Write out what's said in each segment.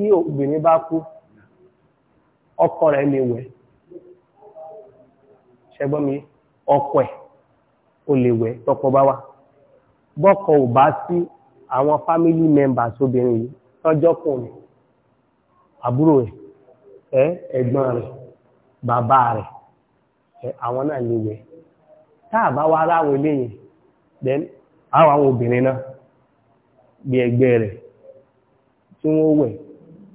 tí obìnrin bá kú ọkọ rẹ̀ lè wẹ̀ ṣẹgbọ́n mi ọkọ ẹ̀ o lè wẹ̀ tọkọ bá wà bọ́kọ ò bá sí àwọn family members obìnrin yìí tọ́jọ́ kùn ní àbúrò ẹ̀ ẹ̀gbọ́n rẹ̀ bàbá rẹ̀ àwọn náà lè wẹ̀ wá eléyìn then àwọn obìnrin náà bí ẹgbẹ́ rẹ̀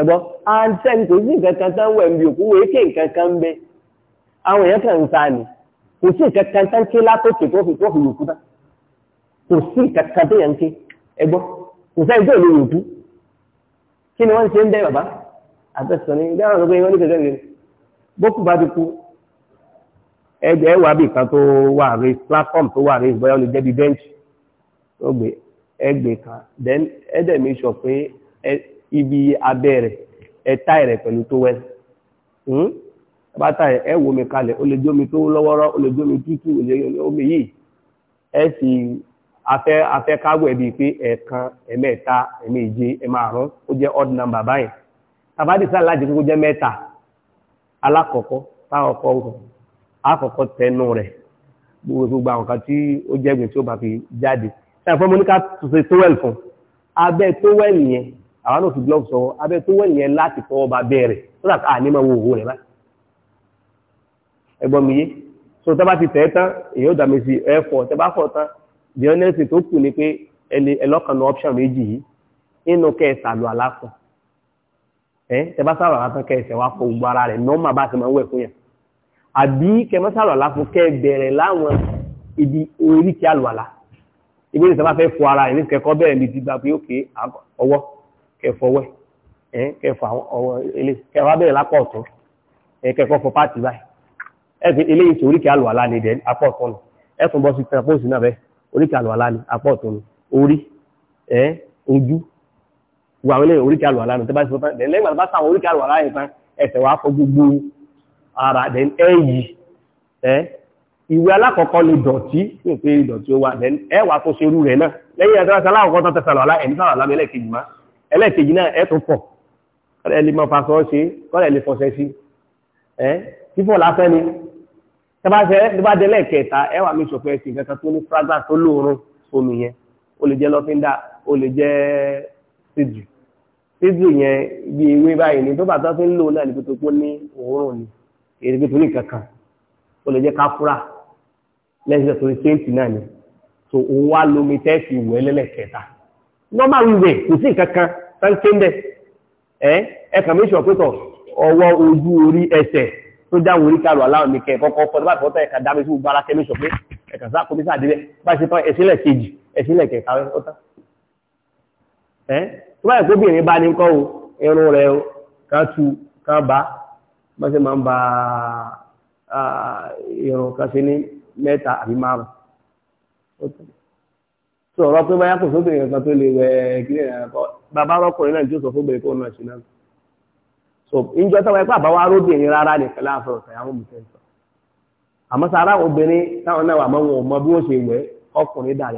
ẹ̀gbọ́n àǹtẹ́ni kò sí nǹkan kan tán wẹ̀ ń bi òkú wo èké nǹkan kan ń bẹ àwọn èèyàn kan ń sa ni kò sí nǹkan kan tán ké látòkè tó fi tó fi yòókù tán kò sí nǹkan kan tó yàn ké ẹ̀gbọ́n kò sẹ́ni tó lè yòókù kí ni wọ́n ṣe ń bẹ́ bàbá àtẹ̀sọ̀ ni dáhùn ló pé wọ́n ní kẹ̀kẹ́ rẹ̀ bókù bá ti kú ẹgbẹ́ wà bí kan tó wà rí platform tó wà rí bóyá ó lè jẹ́ bí bench ó gbé ẹgbẹ́ kan then ẹ̀dẹ̀ ibi abẹ́ rẹ̀ ẹ táì rẹ̀ pẹ̀lú towel hmm? bá táì ẹ wo mi kalẹ̀ ó lè jẹ́ omi tó lọ́wọ́rọ́ ó lè jẹ́ omi tútù ó lè jẹ́ omi yìí ẹ sì afẹ́ afẹ́ káwọ̀ ẹ̀bí pé ẹ̀ẹ̀kan ẹ̀mẹ́ta ẹ̀mẹ́je ẹ̀márùn ó jẹ́ odd number báyìí tàbádìí sáà láti kókó jẹ́ mẹ́ta alákọ̀ọ́kọ́ táwọn ọkọ̀ tẹnu rẹ̀ gbogbo àwọn àwọn náà fi glove sọ abẹ́ tó wẹ̀ yẹn láti fọwọ́ bá bẹ̀rẹ̀ so that a ní máa wo òwò rẹ̀ báyìí ẹgbọ́n mi yé so tẹ́ bá ti tẹ̀ tán èyí ó dàmí sí ẹ fọ tẹ́ bá fọ tán the honest tó kù ni pé ẹlọ́kànnà option méjì yìí nínú kẹsà lu aláfọ ẹ tẹ́ bá sàrọ̀ aláfọ kẹsẹ̀ wá fọ gbogbo ara rẹ̀ nọ́ọ̀mà bá ti máa ń wẹ̀ fún yẹn àbí kẹ mọ́ sàrọ̀ aláfọ kẹ bẹ̀rẹ̀ láwọn ibi oríkì àlùwàlà ibi ìsọ́fà fẹ́ fọ ara rẹ̀ ní kẹ́kọ́ bẹ́ẹ̀ ní ti gbà ọwọ́ kẹfọwẹ́ kẹfọ ọwọ́ ilé kẹfọ abẹ́rẹ́ lápọ̀ ọ̀tún kẹfọ fọ pàtì báyìí ẹ̀fẹ̀ eléyìí tí oríkì àlùwàlá ni dẹ̀ apọ̀ ọ̀tún ni ẹ̀fọn bọ́ sí tẹ̀pọ̀sì náà bẹ́ẹ̀ oríkì àlùwàlá ni apọ̀ ọ̀tún ni orí ẹ̀ ojú wo àwọn eléyìí oríkì àlùwàlá ni tẹ́bá sí fọ́tán dẹ̀ lẹ́yìn bá sáwọn oríkì àlùwàlá yẹn tán ẹsẹ̀ wàá fọ gbogbo ara dẹ̀ ẹ̀yì ẹ̀ ìwé alákọ̀ọ́kọ́ ni dọ̀tí ẹlẹ́ẹ̀kejì náà ẹ̀ tún pọ̀ kọ́lẹ̀ ẹ̀ lè máa fasọ ṣe kọ́lẹ̀ ẹ̀ lè fọṣẹ sí ẹ̀ fífọ̀ lásán ni tó bá ṣe tó bá délẹ̀ kẹta ẹ̀ wà mí ṣọ̀fẹ́ sí nǹkan tó ní fragrance tó lóorun omi yẹn ó lè jẹ́ lọ́fíńdà ó lè jẹ́ ṣèjù ṣèjù yẹn bí ewé báyìí ni tó bá tó fi ń lò náà níbi tó ní òórùn ni èrè tó ní kankan ó lè jẹ́ káfúrà lẹ́sìn tó ní séǹtì náà ni so òun wá lomi tẹ́ẹ̀sì ìwé lẹ́lẹ̀ kẹta nọ́mà wíwẹ̀ kò sí kankan tánkẹ́ndẹ̀ ẹ́ ẹ̀kàn méjì ọ̀pẹ́tọ̀ ọwọ́ ojú orí ẹsẹ̀ tó dáhùn orí kálù aláwọ̀ mi kẹ́ kọ́kọ́ fọ́n bá fọ́tọ̀ ẹ̀ka dámi sí gbára kẹ́ méjì ọ̀pẹ́ ẹ̀kàn sá kò ní sáà délẹ̀ bá ṣe tán ẹ̀sílẹ̀ kejì ẹ̀sílẹ̀ kẹta ọ̀tá ẹ́ tó bá yẹ kó bìnrin bá o irun rẹ̀ o ká tu ká bá bá ṣe máa ń ba irun kan sí ní mẹ́ta àbí sọ ọ̀rọ̀ pé ya kò sóbìnrin kan tó lè wẹ kílẹ̀ náà bàbá ọkùnrin náà tí ó sọ fóbìnrin so ìjọ táwọn ẹgbẹ́ àbáwá aróbìnrin rárá nìkan láàfin ọ̀sẹ̀ àwọn mùsùlùmí sọ àmọ́ sára obìnrin táwọn náà wà mọ́ wọn bí wọ́n ṣe wẹ̀ ọkùnrin dà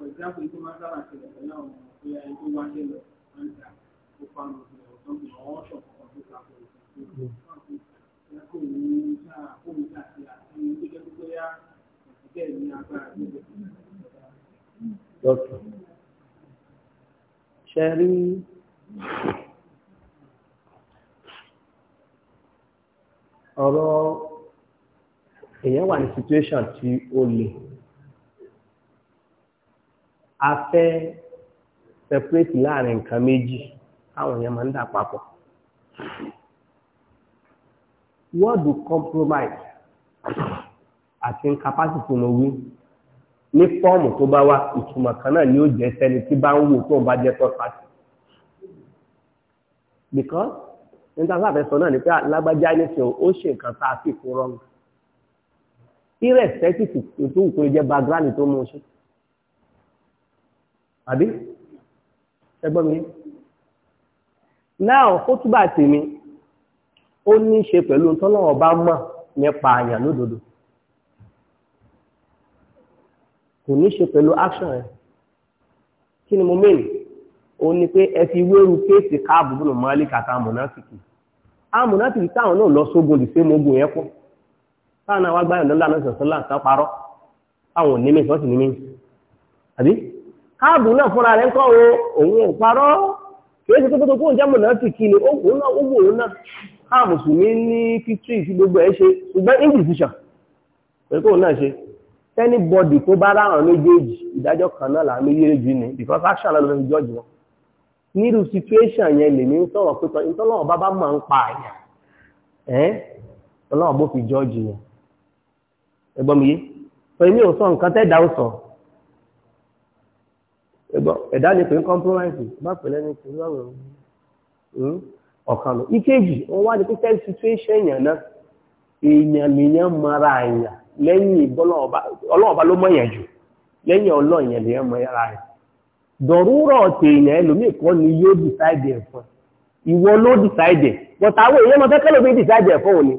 for example ikú máa sábà ṣẹlẹ̀ pẹ̀lú àwọn ọmọ pé ẹni tó wá ṣe lọ máa ń ta ó pa àwọn ọmọ ìyàwó tó ń bọ̀ ọ́ ṣọ̀ kọ̀ọ̀kan tó ta kò sí kó kó òun ta kó òun ta sí àti ọ̀rọ̀ èèyàn wà ní situation tí ó le. a fẹ́ separate láàrin nǹkan méjì àwọn èèyàn máa ń dà papọ̀ wọ́ọ̀dù compromise àti incapacity mo wí ní fọ́ọ̀mù tó bá wá ìtumọ̀ kan náà ni ó jẹ́ sẹ́ni tí bá ń wò tó ń bá jẹ́ third party because nígbà tá a fẹ́ sọ náà ni pé alágbájá níṣẹ́ ó ṣe nǹkan tá a sì kó rọ́ọ̀mù irrespective tó wù kó jẹ́ background tó mú un ṣe. àbí ẹgbọ́n mi náà kótúbà tèmi ó ní ṣe pẹ̀lú tọ́lọ́wọ́ bá mọ̀ nípa àyàn lódodo kò ní pẹ̀lú action kí ni mo mẹ́rin ó ní pé ẹ fi wéru kéèsì káàbù bùnú mọ́lì kàtà mùnáfìkì amùnáfìkì táwọn náà lọ sógun dìse mogun yẹn pọ̀ táwọn náà wá gbáyàn náà káàbù náà fúnra rẹ̀ ń kọ́ o òun ò parọ́ kìí ṣe tó tó kóun jẹ́ mọ̀nàfíkì ni ó náà ó gbogbo ẹ̀ ṣe ṣùgbọ́n náà ṣe tẹ́ni bọ́dì tó bá ráhàn méjèèjì ìdájọ́ kan náà because a wọn situation yẹn sọ̀rọ̀ pé bá bá máa ń pa àyà ẹgbọ́n ẹ̀dá lè pè ní compromise bá pè lẹ́ni tí wọ́n rọ̀ hmm? ọ̀kan lọ. ìkejì wọ́n wá ní pípẹ́ situation yẹn náà èèyàn lèèyàn mara àyàn lẹ́yìn ọlọ́ọ̀bá ló mọ̀yàn jù lẹ́yìn ọlọ́ọ̀yàn lèèyàn mara àyàn. dọ̀rúrọ̀ tèèyàn ẹlòmíì kọ́ ni yóò decide ẹ̀ fún ìwọ ló decide but àwọn èèyàn máa fẹ́ kẹ́lò bí decide ẹ̀ fún òní.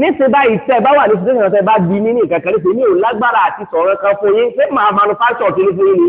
níṣẹ́ báyìí tẹ́ bá wà ní situation tẹ́ bá bí nínú ìkẹ́kẹ́ níṣẹ́ mi ò lágbára àti sọ̀rọ̀ kan fún yín ṣé màá manufacture kiri fún yín ni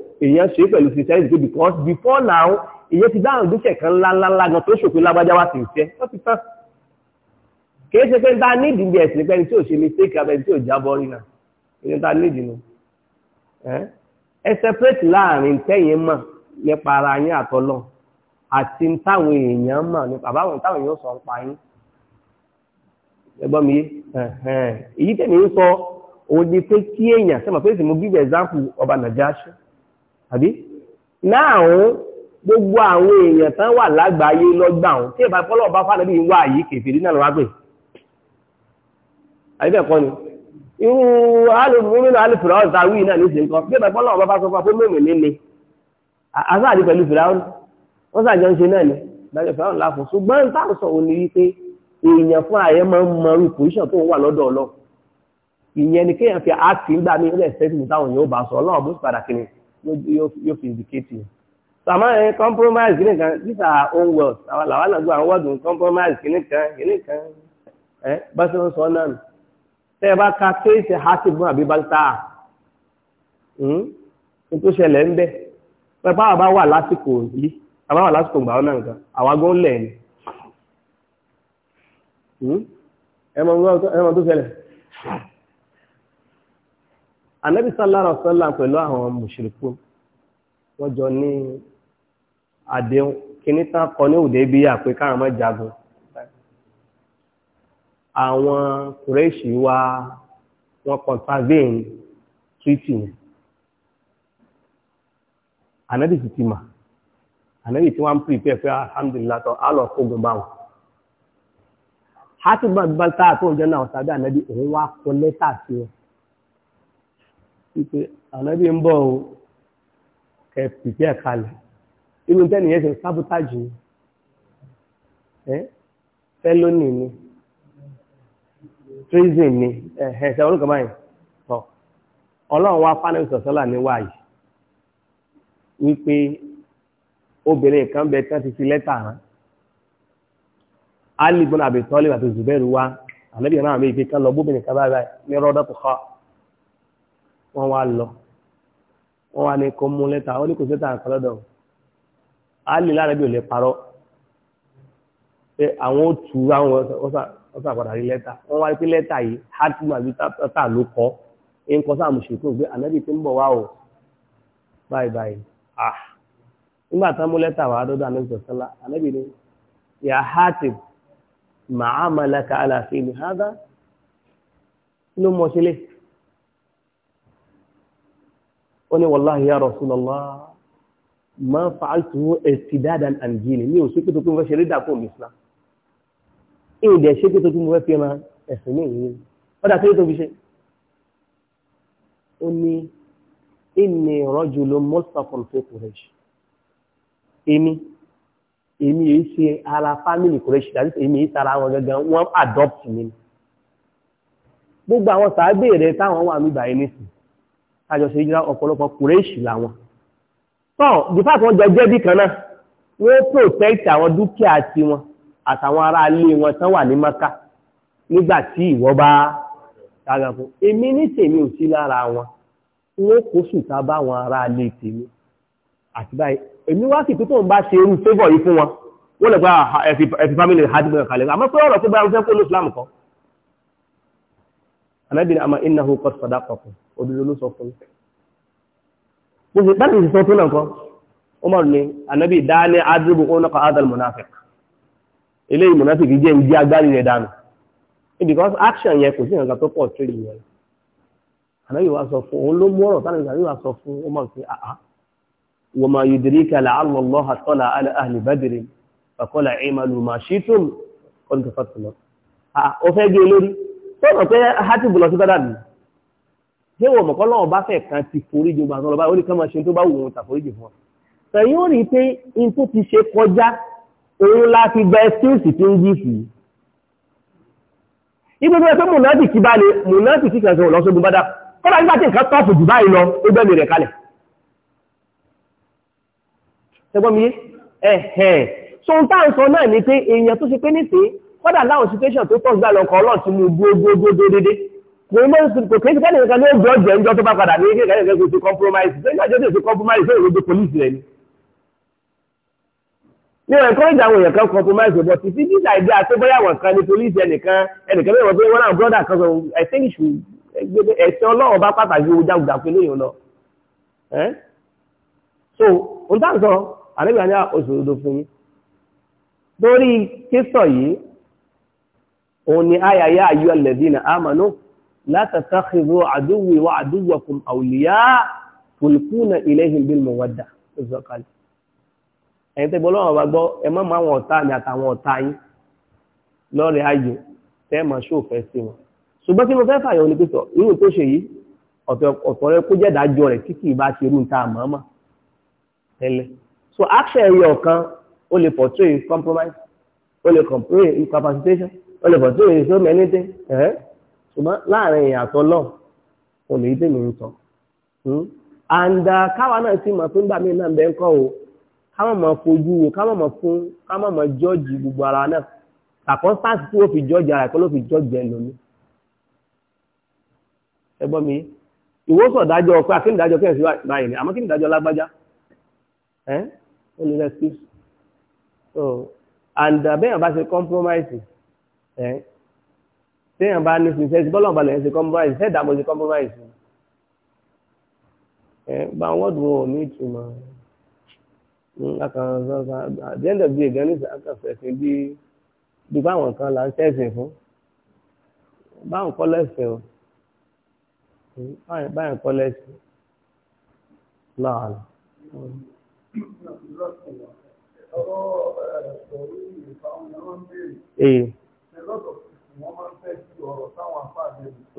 èèyàn ṣe pẹ̀lú sincerity pé because before now èèyàn ti dáhùn gbèsè kan ńláńláńlá gan tó ṣòfin lágbájá wá sí ìṣe wọ́n ti tán kìí ṣe pé ń ta nídìí bí ẹ̀sìn pẹ́ni tí ò ṣe mistake abẹ́ni tí ò jábọ́ rí náà ìyẹn ta nídìí nu ẹ separate láàrin tẹ́yìn mọ̀ nípa ara yín àtọ́lọ́ àti táwọn èèyàn mọ̀ nípa àbáwọn táwọn èèyàn sọ ń pa yín ẹgbọ́n mi èyí tẹ̀mí ń sọ òun ni pé kí èèyàn sẹ́mọ̀ pé sì mo give example ọba Nàjáṣì àbí náà gbogbo àwọn èèyàn tán wà lágbàáyé lọ́gbà ọ̀hún tí ìbá fọ́lọ̀ bá fàdé bí wà yìí kèfèrí náà lọ́wọ́ pè àbíbẹ̀kọ́ ni irú alùmúmínú alùfìràún tàwí náà ní ìsìnkọ́ bí ìbá fọ́lọ̀ bá fàṣọ fún mẹ́rin nílé àsáàdì pẹ̀lú fìràún wọ́n sàjọ ń ṣe náà ni dájọ́ fìràún láfún ni kéèyàn fi áàtì ń gbà mí ilẹ̀ sẹ́tìmù táwọn yóò bá sọ ọlọ́run bó padà kiri yóò fi indicate yẹn. sàmọ́ ẹ compromise kìíní kan these are own words àwọn làwọn náà gbọ́ àwọn wọ́ọ̀dù compromise kìíní kan kìíní kan ẹ bá ṣe ń sọ náà nù. tẹ́ ẹ bá ka kéèsì hasibun àbí balta hmm, n tó ṣẹlẹ̀ ń bẹ́ pẹ́pẹ́ àwọn bá wà lásìkò yìí àwọn wà lásìkò gbà ọ́nà nǹkan àwọn agbóhùn lẹ̀ ni. Hmm? ẹ mọ̀ tó ṣẹlẹ̀ anabi sallallahu alaihi wasallam pẹ̀lú àwọn mùṣírikù wọ́n jọ ní àdéhùn kíní tán kọ ní òde bí àpé káwọn mọ́ jagun àwọn kùrẹ́ṣì wa wọ́n contravene treaty yẹn anabi sì ti mà anabi tí wọ́n ń prepare pé alhamdulillah tó á lọ kógun báwọn hátìgbà bá tá àtúnjẹ náà sábẹ́ wípé ànábì ń bọ̀ o ẹ pìpì ẹ̀ kalẹ̀ irú tẹ́ni yẹn ṣe sábútàjì ni ẹ fẹ́lónì ni treason ni ẹ ẹ ṣẹ́wọ́n tọ́ ọlọ́run wá sọ̀sọ́là wípé obìnrin kan bẹ tán ti fi lẹ́tà hàn Ali ibn àti Zubairu wá ànábì náà mi ìgbé kan lọ bóbìnrin kan ní rọ́dọ̀ tó kọ́. wọ́n wá lọ wọ́n wá ní kó mú lẹ́tà ó ní kò sẹ́tà kan lọ́dọ̀ alì lárẹ́bí ò lè parọ́ pé àwọn ó tu àwọn ọ̀sàpàdà rí lẹ́tà wọ́n wá pé lẹ́tà yìí hatima bí tata ló kọ́ ẹ̀ ń kọ́ sáà mùsùlùmí pé ànábì ń bọ̀ wá o báyìí báyìí ah nígbà tán mú dọ́dọ̀ ó ní wallahi ya Rasulullah ma fa'altu irtidadan an dini mi ò sí pé tó kún fẹ́ ṣe rí dàpọ̀ mi islam èyí dẹ̀ ṣe pé tó kún fẹ́ fi ma ẹ̀sìn ní ìyẹn ó dà tó fi ṣe ó ní inni rajulun mustaqim fi Quraysh èmi èmi yìí ṣe ara fámìlì Quraysh dàbí èmi yìí tara wọn gangan wọn adopt mi gbogbo àwọn sàábẹ̀ rẹ táwọn wà mí báyìí nísìnyí àjọṣe ìjírá ọ̀pọ̀lọpọ̀ kùrẹ́ṣì làwọn tọ́ dìfà tí wọ́n jọ jẹ́ bí kan náà wọ́n protect àwọn dúkìá tiwọn àtàwọn ará ilé wọn tán wà ní maka nígbà tí ìwọ bá dára fún èmi ní tèmi ò sí lára wọn wọ́n kó sùtá bá àwọn ará ilé tèmi àti báyìí èmi wá sì pé tóun bá ṣe irú favour yìí fún wọn wọ́n lè gba ẹ̀fì family hajj gbọ́n kalẹ̀ àmọ́ pé ọ̀rọ̀ tó bá ń fẹ́ kó ló islam kọ́ anábìrin àmọ́ innahu qad sadaqakum òdodo ló sọ fún un gbogbo bá ti sọ tó náà kan Umar ni anabi dání adébù ó náà kọ adal monafik eléyìí monafik jẹ́ ìdí agbárí rẹ̀ dànù because action yẹn kò sí nǹkan tó pọ̀ tó yìí yẹn anabi wa sọ fún òun ló mú ọ̀rọ̀ tánà anabi wa sọ fún Umar pé àá wa fẹ́ gé lórí tó rọ̀ pé hátìbù lọ sí bádàdì ṣé wọn mọ̀ kọ́lọ́wọ́ bá fẹ́ kan ti forí jù gbàgbọ́n lọ́ba ó ní kán máa ṣe tó bá wù wọn tàforí jù fún wọn. sẹ̀yìn ó rí i pé in tó ti ṣe kọjá òun la fi gba ẹ́síǹsì tó ń yí sí i. ibi tó yẹ pé mùnátì kí bá lè mùnátì kí kẹsàn án lọ́sọ́gun bá dá kọ́lá nígbà tí nǹkan tọ́pù jù báyìí lọ ó gbẹ́mí rẹ̀ kalẹ̀. ṣẹgbọ́n mi ẹ̀hẹ̀ so n táà ń gbogbo ìsìn kò kéjì kẹ́lẹ̀ kan ní ó jọ jẹ́ ìjọ tó bá padà ní kékeré kẹ́kẹ́ kò sí compromise ṣé ìgbà jẹ́jẹ́ sí compromise ṣé ìròyìn police rẹ̀ ni. ní ọ̀rẹ́ kọ́ ìjà àwọn èèyàn kan compromise ọ̀bọ̀ ti fi dídà ìdí àti bóyá àwọn kan ní police ẹnìkan ẹnìkan mẹ́wọ̀n pé wọ́n náà brọ́dà kan sọ I think ṣù e, ẹ̀sìn ọlọ́run bá pàtàkì owó jágùdà pé lóyún lọ. so n tá n sọ àlébìyàn ní òṣòro fún yín lórí kíṣọ̀ yìí òun ni ayàyà ayọ̀ lẹ́dínà àmọ́ لا تتخذوا wa وعدوكم أولياء tulquna ilayhim bil mawadda ìzọkalẹ̀ ẹ̀yin tẹ́ أبغى bá ما ẹ má máa wọn ọ̀tá mi àtàwọn ọ̀tá yín lọ́rẹ̀ ayò tẹ́ máa ṣòfẹ́ sí wọn ṣùgbọ́n tí mo fẹ́ fàyọ̀ ní pípọ̀ irú tó ṣe yìí ọ̀tọ̀ rẹ kó jẹ́ ìdájọ́ rẹ̀ tí kì í bá ṣe irú nta àmọ́mọ́ tẹ́lẹ̀ so action ẹ̀yọ kan ó lè portray compromise ó lè portray incapacitation ó lè portray so many things ṣùgbọ́n láàrin èèyàn àtọ́lọ́ kò lè dé mi ń sọ. àǹdà hmm? uh, káwa náà sì mọ̀ fún gbàmí náà bẹ́ẹ̀ kọ́ o ká má máa fojú wo ká má máa fún ká má máa jọ́ọ̀jì gbogbo ara náà circumstance tí ó fi jọ́ọ̀jì ara ẹ̀kọ́ ló fi jọ́ọ̀jì ẹ̀ lómi. ẹ gbọ́ mi ìwọ́sọ̀ dájọ́ ọ̀pẹ́ akínídájọ́ kẹ́hìn sí báyìí ni àmọ́ kínídájọ́ lágbájá ẹ́ ó ní lẹ́sìkì so and uh, bẹ́ẹ̀ bá ṣe compromise ẹ́ téèyàn bá ní sinṣẹ́ sí bọ́lọ̀ balẹ̀ ṣe compromise ṣe ìdààmú ṣe compromise ẹ gba àwọn ọdún wọn ò ní ìtumọ̀ hmm, akànṣọ́sọ́ at the end of the day ní akànṣẹ́sìn bí bí báwọn kan là ń ṣẹ̀sìn fún báwọn kọ́ lẹ́sìn o hmm, báyìí kọ́ lẹ́sìn láàlú. Hmm. Ee.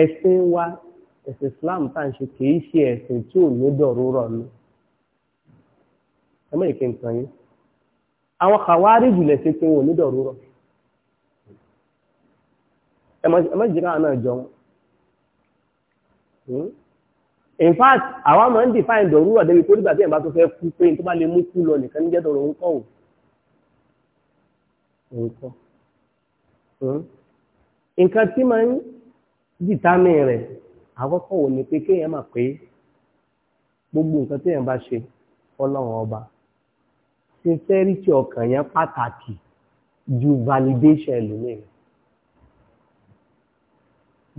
ẹ̀sìn wa ẹ̀sìn Islam tá à ń ṣe kìí ṣe ẹ̀sìn tí ò ní dọ̀rọ̀ rọ̀ ni ẹ mọ̀ ìkẹ́ nǹkan yín àwọn kàwárí jùlẹ̀ ṣe pé wọn ò ní dọ̀rọ̀ rọ̀ ẹ mọ̀ jìnnà àná jọ wọn hmm? in fact àwọn máa ń define dọ̀rọ̀ rọ̀ débi kórìgbà tí ẹ̀ bá tó fẹ́ kú pé tó bá lè mú kú lọ nìkan níjẹ́ dọ̀rọ̀ ń kọ́ hmm? nǹkan tí máa ń dìtámì rẹ̀ àkọ́kọ́ wò ni pé kéèyàn mà pé gbogbo nǹkan téèyàn bá ṣe fọlọ́run ọba sincerity ọkàn yẹn pàtàkì ju validation ẹlòmíràn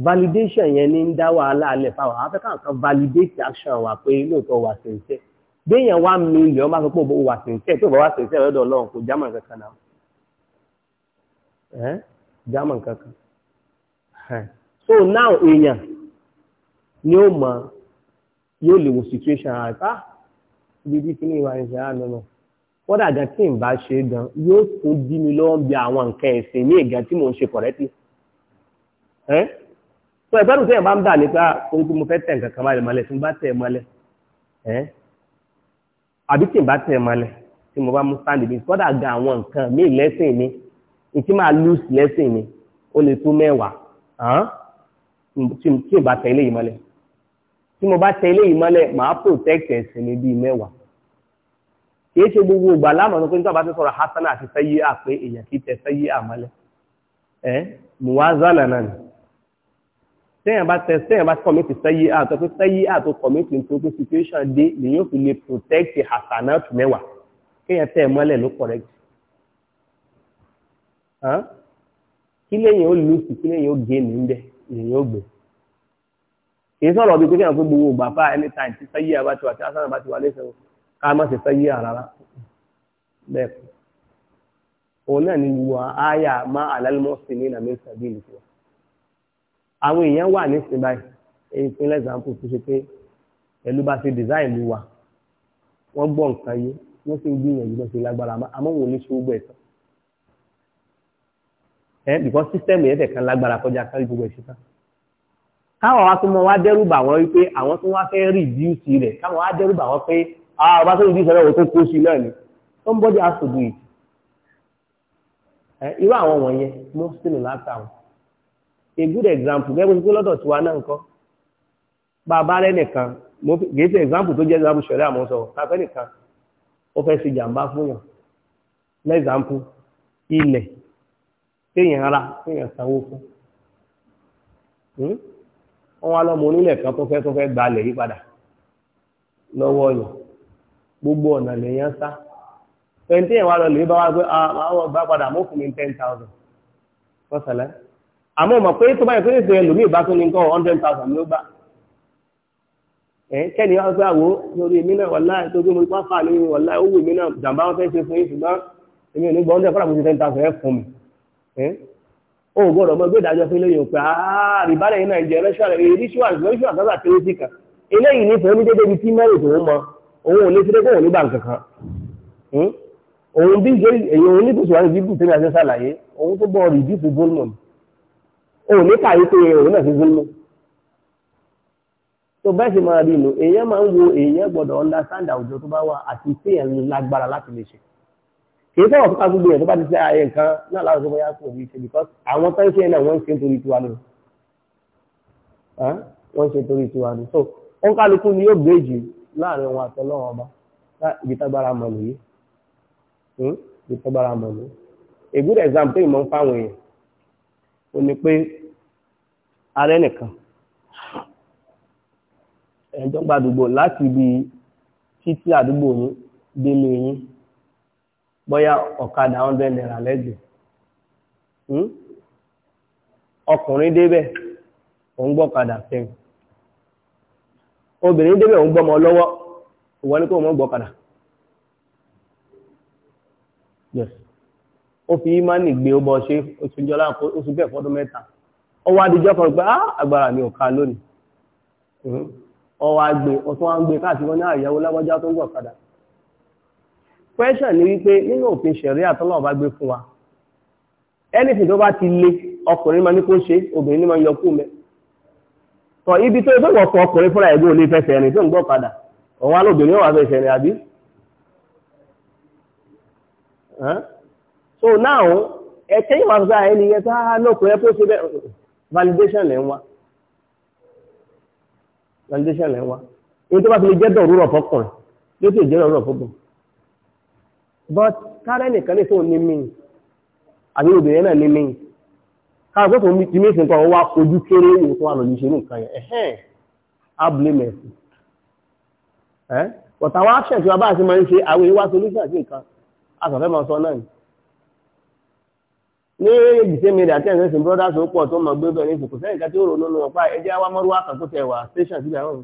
validation yẹn ní ń dá wàhálà alẹ́ fáwọn afẹ́kàn kan validate action wà pé lóòótọ́ wà sincere béèyàn wá mílíọ̀n bá sọ pé òun wà sincere so now èèyàn ni ó mọ yóò lè wo situation ara ta ah, ibi tí kìíní ìwà ìṣẹ́ àná náà wọ́n dàgbà tí n bá ṣe é gan yóò tún dí mi lọ́wọ́ bí àwọn nǹkan ẹ̀sìn ní ìgbà tí mò ń ṣe kọ̀rẹ́tì ẹ́ tó ẹ̀gbẹ́rù tẹ́yìn bá ń dà nípa ah, orí tí mo fẹ́ tẹ̀ nǹkan kan balẹ̀ mọ́lẹ̀ tí mo bá tẹ̀ mọ́lẹ̀ ẹ́ àbí tí n bá tẹ̀ mọ́lẹ̀ tí mo bá mú sáǹdì mi kọ́dà ga àwọn nǹkan míì lẹ́sìn mi ìtí máa lùs lẹ́sìn mi ó lè tó mẹ́wàá tí ò bá tẹ ilé yìí mọ́lẹ̀ tí mo bá tẹ ilé yìí mọ́lẹ̀ màá protect ẹ̀sìn mi bíi mẹ́wàá kì í ṣe gbogbo ìgbà láàmú pé nígbà bá ti sọ̀rọ̀ hasana àti sẹ́yí à pé èèyàn kì í tẹ sẹ́yí à mọ́lẹ̀ ẹ muwazana náà ni sẹ́yìn bá tẹ sẹ́yìn bá kọ̀mìtì sẹ́yí à tó pé sẹ́yí à tó kọ̀mìtì tó pé situation dé lèyìn ò fi lè protect hasana tù mẹ́wàá kéèyàn tẹ mọ́lẹ̀ ló correct kí lẹ́yìn ó lùsì kí lẹ́yìn ó gé ní bẹ́ẹ̀ èyàn yóò gbé kì í sọ̀rọ̀ ọdún pé kí àwọn gbogbo ògbà fáà ẹni táì tí sáyé àbá ti wà tí asánà bá ti wà lẹ́sẹ̀ ká má ṣe sáyé àrárá bẹ́ẹ̀ òun náà ni wà áyà má àlálùmọ́ sí ní ìlànà ìsàbí ìlú tiwa àwọn èèyàn wà ní ìsìn báyìí èyí fún example tó ṣe pé pẹ̀lú bá ṣe design lu wa wọ́n gbọ́ nǹkan yé wọ́n sì ń gbìyànjú lọ́sẹ̀ lágbára àmọ́ wọn ò ní ṣe gbogbo ẹ̀tàn ẹ bìkọ́ sísẹ́mù yẹn fẹ̀ kan lágbára kọjá kárí gbogbo ẹ̀ ṣetán káwọn wa tún mọ wá dẹ́rù bà wọ́n wípé àwọn tún wá fẹ́ rìdíùsì rẹ̀ káwọn wá dẹ́rù bà pé ah tó rìdíùsì rẹ̀ wò tó kó sí náà ni somebody has to do it ẹ eh, irú àwọn wọ̀nyẹn ló sínú láta a good example gẹ́gẹ́ bí lọ́dọ̀ tiwa náà nǹkan bàbá rẹ nìkan mo example tó jẹ́ example ṣẹlẹ̀ àmọ́ sọ káfẹ́ nìkan ó fẹ́ ṣe téèyàn ra téèyàn sanwó fún hmm? wọn wá lọ́mọ onílẹ̀ kan tó fẹ́ tó fẹ́ gbalẹ̀ yí padà lọ́wọ́ yàn gbogbo ọ̀nà lèèyàn sá twenty yẹn wá lọ lè bá wá pé àwọn ah, bá padà mú fún mi ten thousand lọ́sàlẹ̀ àmọ́ mọ̀ pé tó báyìí pé ìṣe ẹlòmíì bá tún ní nǹkan hundred thousand ló gbà ẹ kẹ́ni wá pé àwo lórí èmi náà wàlá tó gbé mo ní pápá ní wàlá ó wù náà jàǹbá wọn fẹ́ ṣe fún yín ṣùgbọ́n èmi ò ní gbọ́ hundred padà mo ti ten thousand ẹ fún mi ó eh? gbọ́dọ̀ mọ́ gbé ìdájọ́ fún eléyìí pé àrìbálẹ̀ iná ìjẹ́ rẹ́ṣùà rẹ́ṣùà rẹ́ṣùà sábà tẹ́lẹ̀ sí kan eléyìí nífẹ̀ẹ́ ní dédé ibi tí mẹ́rin tòun mọ òun ò ní fi dẹ́gbẹ́ òun ní kan hmm? òun bí ṣe èyí òun ní kùsùn àti bíbù tẹ́lẹ̀ àti sàlàyé òun tó bọ́ rìdí fún gómìnà òun ní kàyé pé òun náà fi gómìnà tó bẹ́ẹ̀ sì máa rí inú èèyàn máa ń wo èèyàn gbọ́dọ̀ understand àwùjọ tó bá wà àti tí èèyàn lágbára láti èyí sọ̀rọ̀ fúnpa gbogbo ẹ̀ tó bá ti ṣe ààyè nǹkan náà láwọn tó bóyá kò ní ṣe because àwọn tó ń ṣe náà wọ́n ń ṣe nítorí tiwa ni wọ́n ń ṣe nítorí tiwa ni so wọ́n kálukú ni yóò gbèjì láàrin wọn àti ọlọ́run ọba ibi tágbára mọ̀ nìyí ibi tágbára mọ̀ nìyí a good example tó ìmọ̀ ń fáwọn èèyàn ó ní pé arẹ nìkan ẹ̀ńtọ́ gbàdúgbò láti ibi títí àdúgbò yín délé yín bóyá ọ̀kadà hundred naira lẹ́gbẹ̀ẹ́ hmm? ọkùnrin débẹ̀ òun ọ fẹ́mi obìnrin débẹ̀ òun gbọ́mọ lọ́wọ́ ìwọ ni kò mọ́ gbọ́kadà ó fi ìmánì gbé ó bọ́ ṣe oṣù jọlá fọ́dún mẹ́ta ó wá adijọ́ kan pé ah, agbára mi ò ká lónìí hmm? ó gbé wá ń gbé káàkiri wọn ní ah, question ni wípé nínú òfin ṣẹ̀rí àtọ́lọ́ ọba gbé fún wa anything tó bá ti le ọkùnrin ma ní kó ṣe obìnrin ní máa yọ kú mẹ tọ ibi tó ìfẹ́ wọ̀fọ̀ ọkùnrin fúnra ẹ̀gbọ́n olè fẹsẹ̀ rìn tó ń gbọ́ padà ọ̀wọ́n alóbìnrin wà fẹsẹ̀ so now ẹ̀kẹ́ yìí wàá sọ ẹni yẹn tá a ah, kó ṣe bẹ́ẹ̀ validation lẹ́ ń wá validation lẹ́ ń wá tó bá jẹ́ but kárẹ́ nìkan ní sóò ní míì àbí obìnrin náà ní míì káàkó tó ti mí ìsìnkọ́ wá ojú kéré ìwò tó wà lòdì ṣe ní nǹkan yẹn ẹ̀hẹ́n abúlémẹ̀sì ẹ́ pọ̀tà wá ṣẹ̀ tí wọ́n bá ti máa ń ṣe àwọn ìwá solúṣà sí nǹkan ni brothers ah, station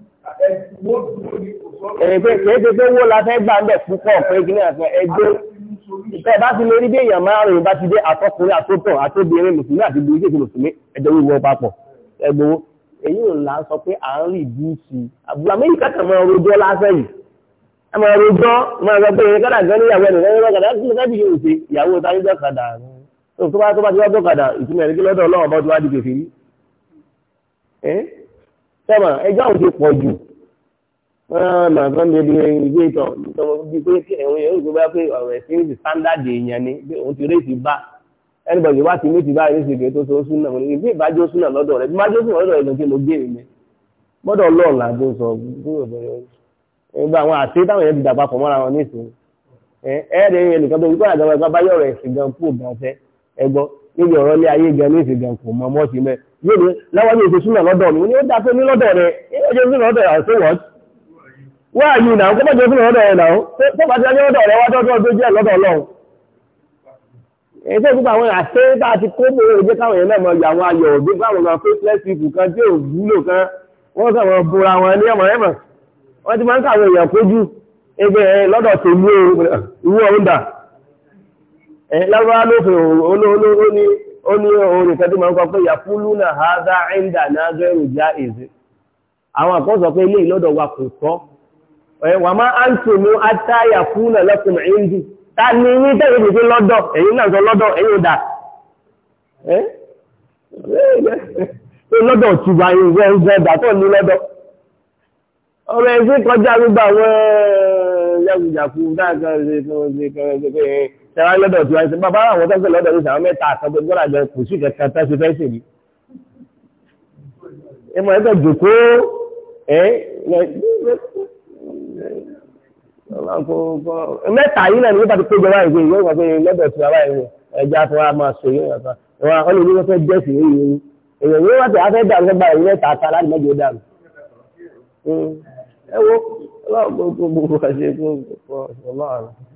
Èpè kìí ṣe pé wó la fẹ́ gbà ń bẹ̀ púpọ̀ pé kí ní àfẹ́ ẹgbẹ́. Ìfẹ́ bá ti lè rí bí èèyàn márùn-ún bá ti dé àtọkùnrin àtọ́tọ̀ àtọ́bìnrin mùsùlùmí àti ìlú ìjèṣe mùsùlùmí ẹ̀jẹ̀ wíwọ papọ̀ ẹgbowó. Èyí ò là ń sọ pé à ń rí bí ti. Àbúrò Amẹ́ríkà kan máa rojọ́ lásẹ̀ yìí. Ẹ máa rojọ́ máa sọ pé ìrìnkádà gan níyàwó ẹ̀nì lẹ́yìn lọ́kàdà sẹ́mà ẹjọ́ òde pọ̀ jù màá kàn dé di ìgbé ìtàn ìtọ́mọ bí pé ẹ̀wọ̀n yẹn òkú bá pé ọ̀rọ̀ ẹ̀sìn ní standard èèyàn ni pé òun ti réèsì bá ẹnìbọ̀dì wá ti ní ti bá réèsì kì í tó so súnà wọn ìgbé ìbájọ́ súnà lọ́dọ̀ rẹ̀ ìbájọ́ súnà lọ́dọ̀ rẹ̀ lọ́dọ̀ gbé mi gbọ́dọ̀ lọ́ọ̀ làdó sọ gbogbo àwọn àti táwọn yẹn ti dàgbà pọ̀ mọ́ra wọn nísìnyí ẹ̀ẹ́dẹ̀ẹ́yìn ẹnìkan tó wípé àgbà níbi ọ̀rọ̀ ilé ayé gan ní ìsìnkàn kò mọ mọ́ sí mẹ́ yóò ní lọ́wọ́ ní ìṣesúnà lọ́dọ̀ mi ní ó dá pé ní lọ́dọ̀ rẹ̀ ẹjọ́ ìṣesúnà lọ́dọ̀ rẹ̀ ṣé wọ́n wọ́n àyè ìnáwó kó bọ́jọ́ ìṣesúnà lọ́dọ̀ rẹ̀ náà tó bá ti ẹjọ́ lọ́dọ̀ rẹ̀ wájú ọdún ọdún jẹ́ lọ́dọ̀ Ọlọ́run ẹgbẹ́ gbogbo àwọn àṣẹ bá ti kó mọ́ ẹgbẹ́ káwọn èèyàn náà mọ ìyá àwọn ayọ̀ òbí báwọn máa fẹ́ flẹ́sìpù kan tí ò wúlò kan wọ́n kàn wọ́n bora wọn ní ọmọ ẹ̀mọ̀ wọ́n ti máa ń kàwé èèyàn kójú ẹgbẹ́ lọ́dọ̀ tèmi ìwú ọ̀húndà lọ́wọ́ ló fi olóòlóró ní ó ní orin kan tó máa ń kọ ha dá ẹ̀ńdà na gẹ́rù já èzè àwọn àkọ́sọ pé ilé ìlọ́dọ̀ wa kò tọ́ wà má á ń tò mú ata yàkú náà lọ́kùn ta ni ní tẹ̀lé ìdíje lọ́dọ̀ tẹ̀wá lọ́dọ̀ tí wọ́n ṣe bàbá àwọn tó ń pè lọ́dọ̀ yìí sàwọn mẹ́ta àtọ́gbẹ́ gbọ́dọ̀ àjọ kò sí kankan tó ṣe fẹ́ ṣe ni. ìmọ̀ ẹ̀kọ́ jòkó ẹ̀ mẹ́ta yìí náà ní wípé péjọ wáyé pé yóò wá pé lọ́dọ̀ tí wọ́n wáyé ẹja tó wá máa sọ yóò yàtọ̀ wọn àwọn olùdí wọn fẹ́ jẹ́sì